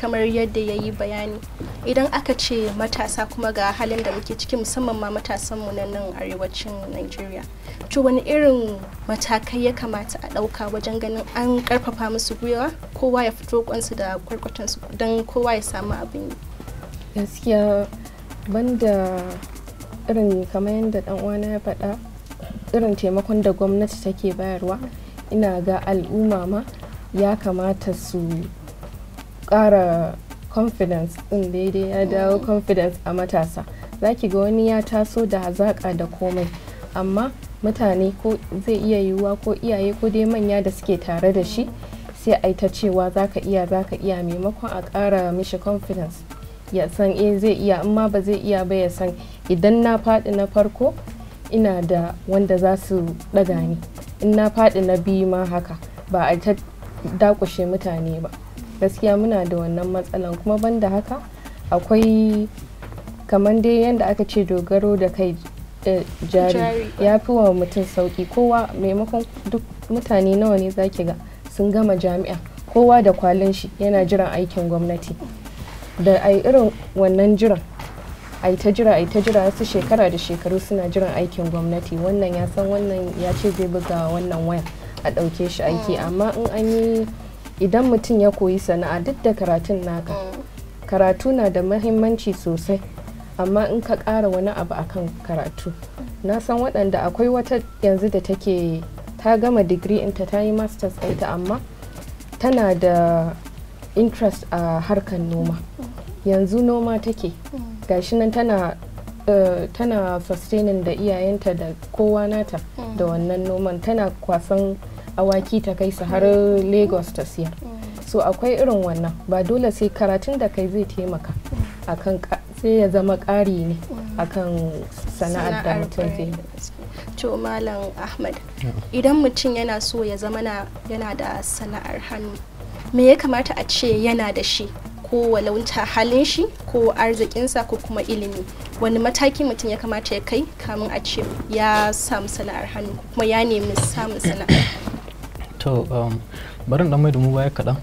kamar yadda ya yi bayani idan aka ce matasa kuma ga halin da muke ciki musamman ma matasanmu na nan arewacin nigeria to wani irin matakai ya kamata a ɗauka wajen ganin an karfafa musu gwiwa kowa ya fito kwansu da kwarkwatansu don kowa ya samu abin yi gaskiya banda irin kamar yadda dan na ya faɗa irin taimakon da gwamnati take bayarwa ina ga al'umma ma ya kamata su ƙara confidence ɗin daidai ya dawo mm. confidence a matasa za ga wani ya taso da hazaƙa da komai amma mutane ko zai iya yiwuwa ko iyaye ko dai manya da suke tare da shi sai a ta cewa za ka iya za ka iya maimakon a ƙara mishi confidence ya san eh zai iya amma ba zai iya ba ya san idan na faɗi na farko ina da wanda za su ɗaga ni in na faɗi na biyu ma haka ba a ta dakushe mutane ba gaskiya muna da wannan matsalan kuma banda haka akwai kamar dai yadda aka ce dogaro da kai jari ya fi wa mutum sauki kowa maimakon duk mutane nawa ne zaki ga sun gama jami'a kowa da kwalin shi yana jiran aikin gwamnati da a irin wannan jiran a ta jira a ta jira su shekara da shekaru suna jiran aikin gwamnati wannan ya san wannan ya ce zai buga wannan waya a ɗauke shi aiki mm. amma in an yi idan mutum ya koyi sana'a duk da karatun naka mm. karatu na da mahimmanci sosai amma in ka ƙara wani abu akan karatu na san waɗanda akwai wata yanzu da take ta gama digiri inta ta yi masters ɗinta amma tana da interest a harkar noma yanzu noma take mm. gashi nan tana eh, tana sustaining da iyayenta da kowa nata mm. da wannan noman tana kwasan awaki ta kai su har lagos ta siya so akwai irin wannan ba dole sai karatun da kai zai taimaka akan sai ya zama kari ne akan sana'ar da mutum zai to malam ahmad idan mutum yana so ya zama yana da sana'ar hannu me ya kamata a ce yana da shi ko walauta halin shi ko arzikinsa ko kuma ilimi wani mataki mutum ya kamata ya kai kamun a ce ya samu sana'ar hannu kuma ya nemi samun sana'ar to um, barin dan mai da mu baya kaɗan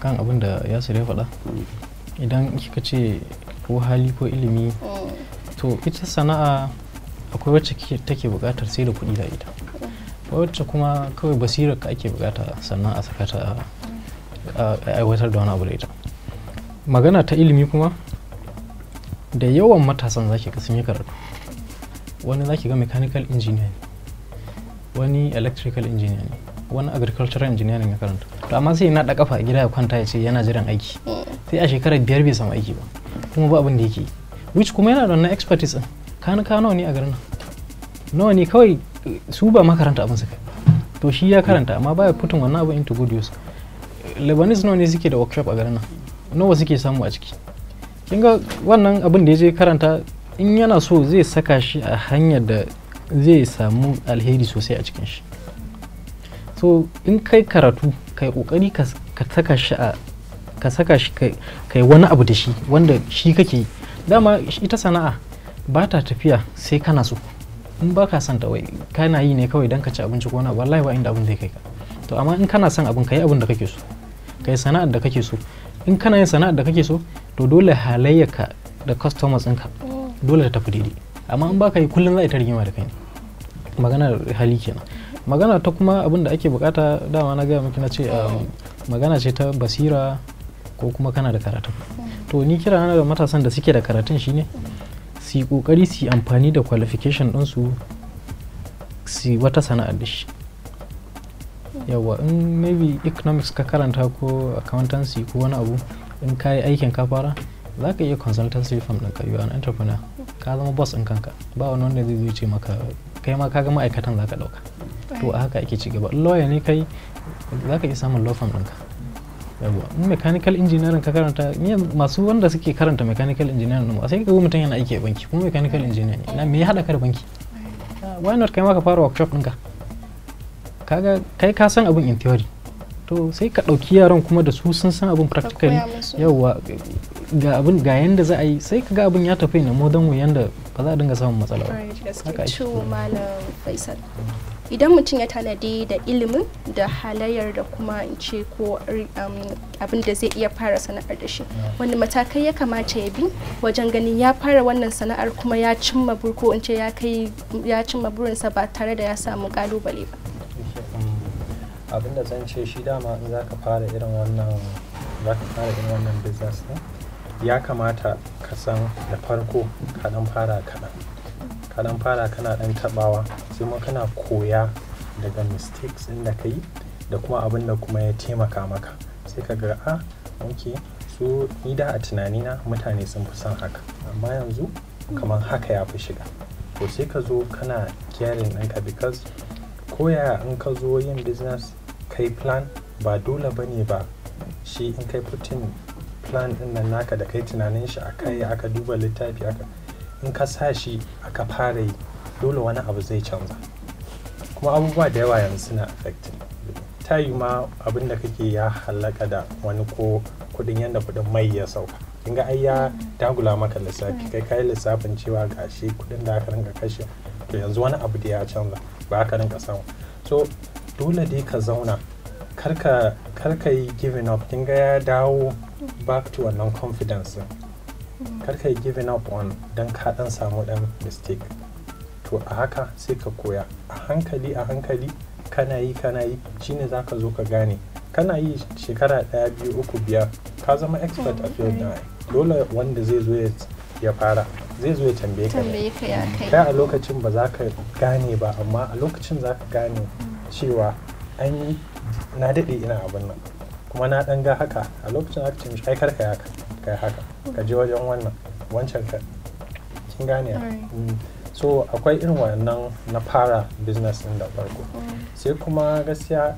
kan abin da ya ya faɗa idan kika ce ko hali ko ilimi to ita sana'a akwai wacce take buƙatar sai da kuɗi da ita wacce kuma kawai basirar ka ake buƙata sannan a saka ta a aiwatar da wani abu da ita magana ta ilimi kuma da yawan matasan zaki ka sun yi karatu wani zaki ga mechanical engineer wani electrical engineer ne wani agricultural engineer na karanta to amma sai na da kafa a gida ya kwanta ya ce yana jiran aiki sai a shekarar biyar bai samu aiki ba kuma ba abin da yake which kuma yana da wannan expertise din kana ka nawa ne a garin nawa ne kawai su ba makaranta karanta abin suka to shi ya karanta amma baya putin wannan abin into good use lebanese nawa ne suke da workshop a garin nan nawa suke samu a ciki kin ga wannan abin da ya je karanta in yana so zai saka shi a hanyar da zai samu alheri sosai a cikin shi so in kai karatu kai kokari ka saka shi a ka saka shi kai wani abu da shi wanda shi kake dama ita sana'a ba ta tafiya sai kana so in ba ka son wai kana yi ne kawai don ka ci abinci ko na wallahi ba inda abin zai kai ka to amma in kana son abin ka yi abin da kake so ka yi sana'ar da kake so in kana yin sana'ar da kake so to dole halayyarka da customers ɗinka dole ta tafi daidai amma in ba ka yi kullum za a yi ta rigima da kai ne da hali kenan magana ta kuma abin da ake bukata dama na gaya miki na ce um, magana ce ta basira ko kuma kana da karatu to ni kira na da matasan da suke da karatun shine su yi kokari su yi amfani da qualification ɗinsu su wata sana'ar da shi yawa in maybe economics ka karanta ko accountancy ko wani abu in ka yi aikin ka fara za ka iya consultancy firm ɗin ka yiwa entrepreneur ka zama boss ɗin kanka ba wani wanda zai ce maka kai ma ka ga ma'aikatan za ka ɗauka to a haka ake ci gaba lawyer ne kai za ka iya samun law firm ɗinka yawa in mechanical engineering ka karanta masu wanda suke karanta mechanical engineering ɗin sai ka mutum yana aiki a banki kuma mechanical engineer ne na me ya haɗa ka da banki why not kai ma ka fara workshop ɗinka kaga kai ka san abin in theory to sai ka ɗauki yaran kuma da su sun san abin practically yawa ga abin ga yanda za a yi sai ka ga abin ya tafi na modern way yanda ba za a dinga samun matsala ba haka ake idan mutum ya tanadi da ilimin da halayyar da kuma in ce ko um, abin da zai iya fara sana'ar da shi wani matakai ya kamata ya bi wajen ganin ya fara wannan sana'ar kuma ya cimma burko in ce ya burinsa ba tare da ya samu kalubale ba um, abin da zan ce shi dama in zaka fara irin wannan zaka fara irin wannan ya kamata ka san da farko ka fara kaɗan ka fara kana dan tabawa sai ma kana koya daga mistakes ɗin da kai da kuma abin da kuma ya taimaka maka sai ka ga a ah, oke so ni da a tunanina mutane sun fi son haka amma yanzu kamar haka ya fi shiga to sai ka zo kana kyarin ɗinka because ko yaya in ka zo yin business kai plan ba dole ba ne ba shi in kai putin plan ɗin nan naka da kai tunanin shi a kai aka duba littafi aka in ka sa shi aka fara yi dole wani abu zai canza kuma abubuwa da yawa yanzu suna affecting ta yi ma abin da kake ya halaka da wani ko kudin yadda kudin mai ya sauka in ga ai ya dagula maka lissafi kai kai lissafin cewa gashi kudin da aka rinka kashe to yanzu wani abu da ya canza ba aka rinka samu so dole dai ka zauna karka karka yi giving up kin ga ya dawo back to wannan confidence kar ka yi given up on don ka dan samu dan mistake to a haka sai ka koya a hankali a hankali kana yi kana yi shine za ka zo ka gane kana yi shekara ɗaya biyu uku biyar ka zama expert a field mm, na dole wanda zai zo ya fara zai zo ya tambaye ka kai a lokacin ba za ka gane ba amma a lokacin za ka gane mm. cewa an yi na daɗe ina abin nan kuma na ɗan ga haka a lokacin aka ce mishi ai karka ya haka ka je wajen wannan wancan ka kin gane mm. so akwai irin wannan na fara business din da farko sai kuma gaskiya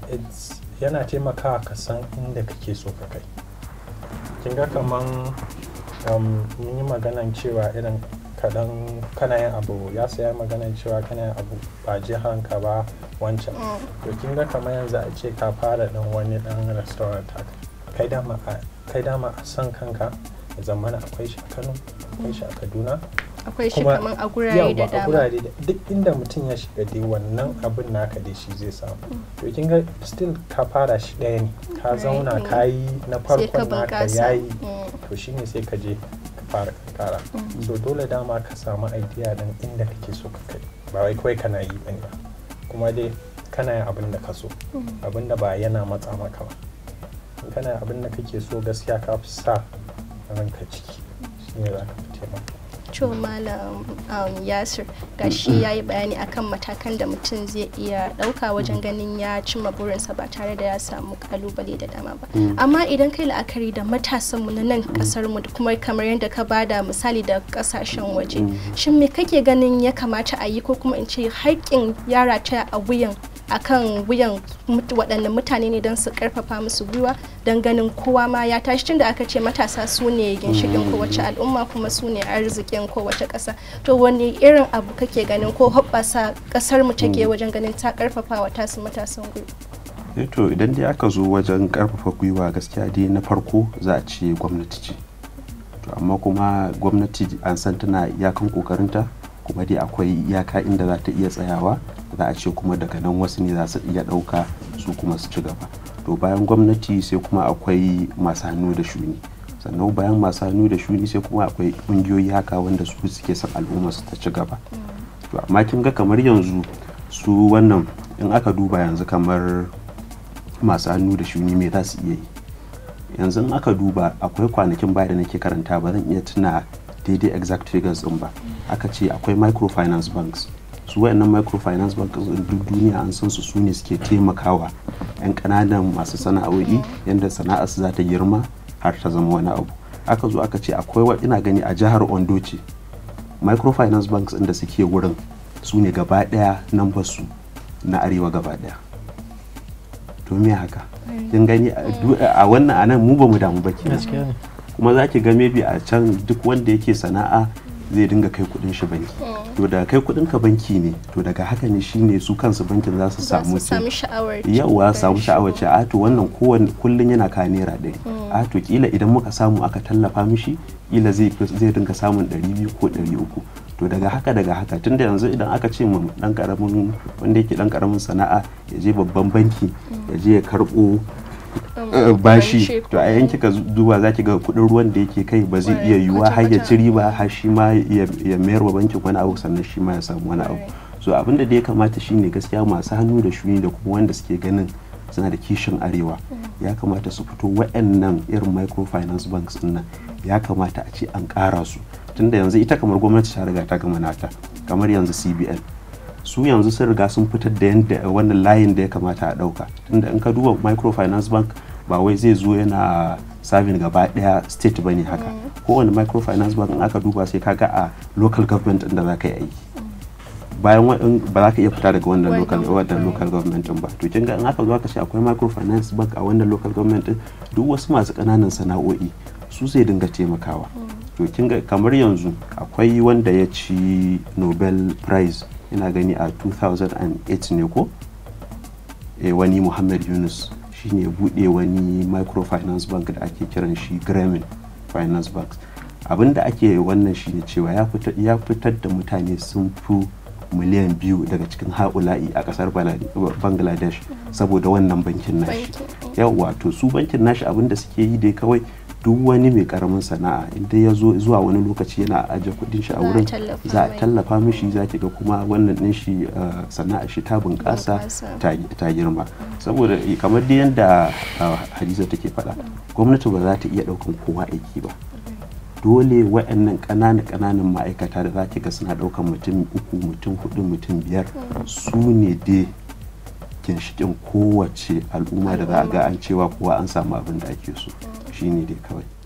yana taimakawa ka san inda kake so ka kai kin ga kaman um, mun yi maganan cewa irin kaɗan kana yin abu ya saya maganan cewa kana yin abu ba jihanka ba wancan oh. to kin ga kamar yanzu a ce ka fara ɗan wani ɗan restaurant kai dama a san kanka ya zamana akwai shi a kano akwai shi a kaduna akwai shi kamar a gurare da dama gurare da duk inda mutum ya shiga dai wannan abin naka dai shi zai samu to kin ga still ka fara shi ɗaya ne ka zauna mm. ka yi na farkon naka yayi mm. to shine sai ka je ka fara kara mm. so dole dama ka samu idea dan inda kake so ka kai ba wai kawai kana yi bane ba kuma dai kana yin abin da ka so abin da ba yana matsa maka ba kana abin da kake so gaskiya ka fi sa ranka ciki ne za ka ba. to malam um, yasir gashi ya yi bayani akan matakan da mutum zai iya ɗauka wajen ganin ya cimma burinsa ba tare da ya samu kalubale da dama ba mm. amma idan kai la'akari da matasanmu na nan kasarmu mm. da kuma kamar yadda ka bada misali da kasashen waje mm. shin me kake ganin ya kamata a yi ko kuma in ce haƙƙin yara ta a wuyan akan wuyan waɗanne mutane ne don su karfafa musu gwiwa don ganin kowa ma ya tashi da aka ce matasa su ne ginshikin kowace mm. al'umma kuma su ne arzikin kowace ƙasa to wani irin abu kake ganin ko hoɓɓasa ƙasar mu take mm. wajen ganin ta karfafa wa tasu matasan gwiwa eh to idan dai aka zo wajen karfafa gwiwa gaskiya dai na farko za a ce gwamnati ce to amma kuma gwamnati an san tana iyakan kokarinta kuma dai akwai iyaka inda za ta iya tsayawa za a ce kuma daga nan wasu ne za su iya ɗauka su kuma su ci gaba to bayan gwamnati sai kuma akwai masu hannu da shuni sannan bayan masu hannu da shuni sai kuma akwai ƙungiyoyi haka wanda su suke son al'umma su ta ci gaba to amma kin ga kamar yanzu su wannan in aka duba yanzu kamar masu hannu da shuni me za su iya yi yanzu in aka duba akwai kwanakin baya da nake karanta ba zan iya tuna daidai exact figures din ba aka ce akwai microfinance banks su wayannan microfinance bankers duk duniya an san su sune suke taimakawa 'yan kananan masu sana'o'i yadda sana'ar su za ta girma har ta zama wani abu aka zo aka ce akwai wa ina gani a jihar ondo ce microfinance banks inda suke wurin su ne gaba ɗaya nan su na arewa gaba ɗaya to me haka kin gani a wannan anan mu bamu damu ba kuma zaki ki ga maybe a can duk wanda yake sana'a zai dinga kai kudin shi banki to da kai kudin ka banki ne to daga haka ne shine su kansu bankin za su samu sha'awar yawa samu sha'awar ce a to wannan kowanne kullun yana ka naira ɗari mm. a to kila idan muka samu aka tallafa mishi kila zai zai dinka samun ɗari biyu ko ɗari uku to daga haka daga haka tun da yanzu idan aka ce mun dan karamin wanda yake dan karamin sana'a ya je babban banki ya je ya karbo Eh, bashi to a yanki ka duba za ki ga kudin ruwan da yake kai ba zai iya yiwuwa har ya ci ba har shi ma ya mayar wa bankin wani abu sannan shi ma ya samu wani abu so abin da ya kamata shi ne gaskiya masu hannu da shuni da kuma wanda suke ganin suna da kishin arewa mm. ya kamata su fito wa'annan irin microfinance banks din nan ya kamata a ce an kara su tunda yanzu ita kamar gwamnati ta riga ta gama nata kamar yanzu cbn su yanzu sun riga sun fitar da yadda wannan layin da ya kamata a ɗauka tunda in ka duba microfinance bank ba wai zai zo yana sabin gaba daya state ba ne haka mm. kowane microfinance bank in aka duba sai kaga a local government inda za ka yi aiki bayan ba za ka iya fita daga wannan local wannan local government ba to kin ga in aka zo aka ce akwai microfinance bank a wannan local government din duk wasu masu kananan sana'o'i su sai dinga taimakawa mm. to kin ga kamar yanzu akwai wanda ya ci Nobel Prize ina gani a 2008 ne ko eh, wani muhammad yunus shi ne bude wani microfinance bank da ake kiran shi grameen finance bank abinda ake wannan shi ne cewa ya fitar da mutane sun fi miliyan biyu daga cikin haula'i a ƙasar bangladesh saboda wannan bankin nashi yawa wato su bankin nashi abinda suke yi dai kawai duk wani mai karamin sana'a inda ya zo zuwa wani lokaci yana ajiye kudin shi a wurin za a tallafa mishi za ki ga kuma wannan din shi eh, sana'a shi ta bunƙasa ta girma saboda eh, kamar dai yadda eh, hadiza take faɗa gwamnati ba za ta iya ɗaukan kowa aiki ba dole waɗannan ƙananan ƙananan ma'aikata da za ki ga suna ɗaukan mutum uku mutum hudu mutum biyar hmm. su ne dai ginshikin kowace al'umma da za a ga an cewa kowa an samu abin da ake so shi ne dai kawai